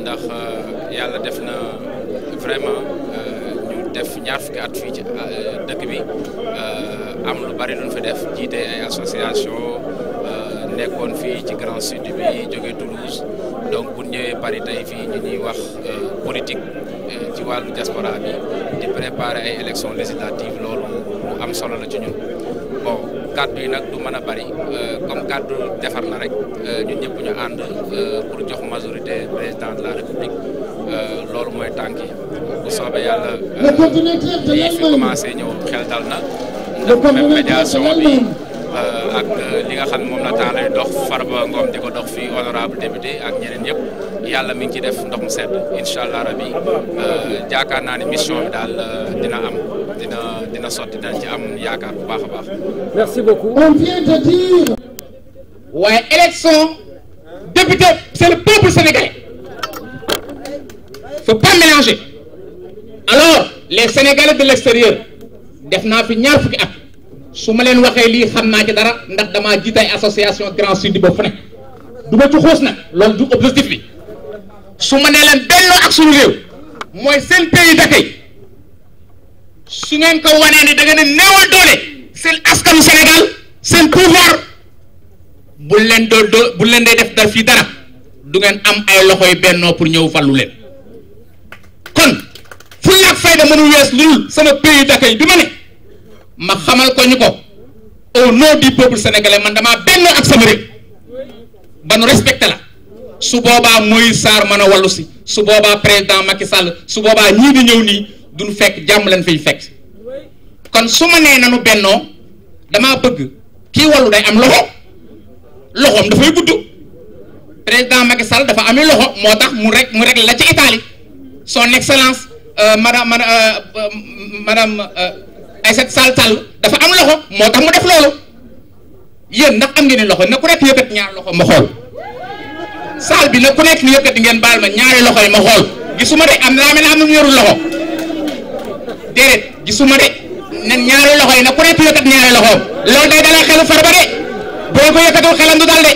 ndax yàlla eh, eh, eh, def na vraiment ñu def ñaar fukki at fii ci dëkk bi am lu bari lu fi def jiite ay association nekkoon fii ci Grand Sud bi jóge Toulouse donc bu ñëwee Paris tey fii ñu ñuy wax euh, politique euh, ci wàllu diaspora bi di préparer ay élections législatives loolu lu am solo la ci ñun bon kàddu yi nag du mën a bari euh, comme kàddu defar na rek ñun ñëpp ñu ànd pour jox majorité président de la République loolu mooy tànk yi bu soobee yàlla. lii fi ñëw xel dal na. ndax même médiation bi. ak euh, li nga xam ne moom la temps lay dox Farba Ngom di ko dox fi honorable député ak ñeneen yëpp yàlla mi ngi ci def ndox mu sedd incha allah rabi jaakaar euh, naa ne mission bi daal euh, dina am dina dina sotti dañ ci am yaakaar bu baax a baax. merci beaucoup. on vient de dire. waaye élection député c' est le peuple sénégalais faut pas mélanger alors les sénégalais de l' extérieur def naa fi ñaar fukki at. su ma leen waxee lii xam naa ci dara ndax damaa jiitay association Grand Sud ba fu ne du ma ci xuus nag loolu du objectif bi su ma nee leen bennoo ak suñu réew mooy seen pays d'accueil su ngeen ko wanee ni da ngeen a doole seen askanu Sénégal seen pouvoir bu leen doo doo bu leen day def dara fii dara du ngeen am ay loxoy bennoo pour ñëw fallu leen kon fu laak fayda mënu wees lul sama pays d'accueil bi ma ne ma xamal ko ñu ko au nom du peuple sénégalais man damaa benn ak sama réew ba nu respecté la su boobaa mooy Sarr mën a wallu si su boobaa président Macky Sall su boobaa ñii di ñëw nii duñ fekk jàmm leen fiy fekk kon su ma nee nu bennoo damaa bëgg kii wallu day am loxo loxoom dafay gudd président Macky Sall dafa amee loxo moo tax mu rek mu rek la ci Italie son excellence euh, madame madame euh, euh, Aïssata Tall Sall dafa am loxo moo tax mu def loolu yéen ndax am ngeen loxo na ku nekk yëkkat ñaar loxo ma xool saal bi na ku nekk yëkkat di ngeen baal ma ñaari loxo yi ma xool gisuma de am naa mel am nañu loxo déedéet gisuma de nen ñaari loxo yi na ku nekk yëkkat ñaari loxo loolu day dalal xelu Farba de boo ko yëkkatul xelam du de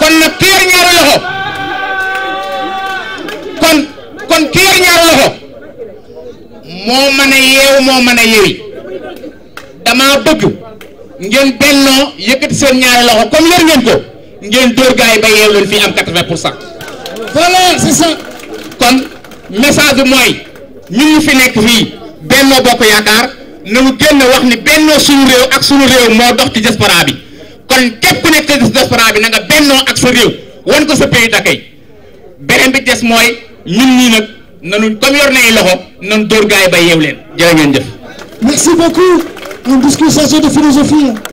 kon nag ki yor moo mën a yeewu moo mën a yewi damaa bëgg ngeen bennoo yëkkati seen ñaari loxo comme yor ngeen ko ngeen dóor gars ba yeew leen fii am kon message bi mooy ñun ñu fi nekk fii bennoo bokk yaakaar na mu génn wax ni bennoo suñu réew ak suñu réew moo dox ci diaspora bi kon képp ku ci diaspora bi na bennoo ak sa réew wan ko sa pays d'accueil beneen bi des mooy ñun ñii nag. nanu comme yor nañu loxo nanu dóor gaay ba yeew leen jërë ngeen jëf. merci beaucoup un discours chargé de philosophie.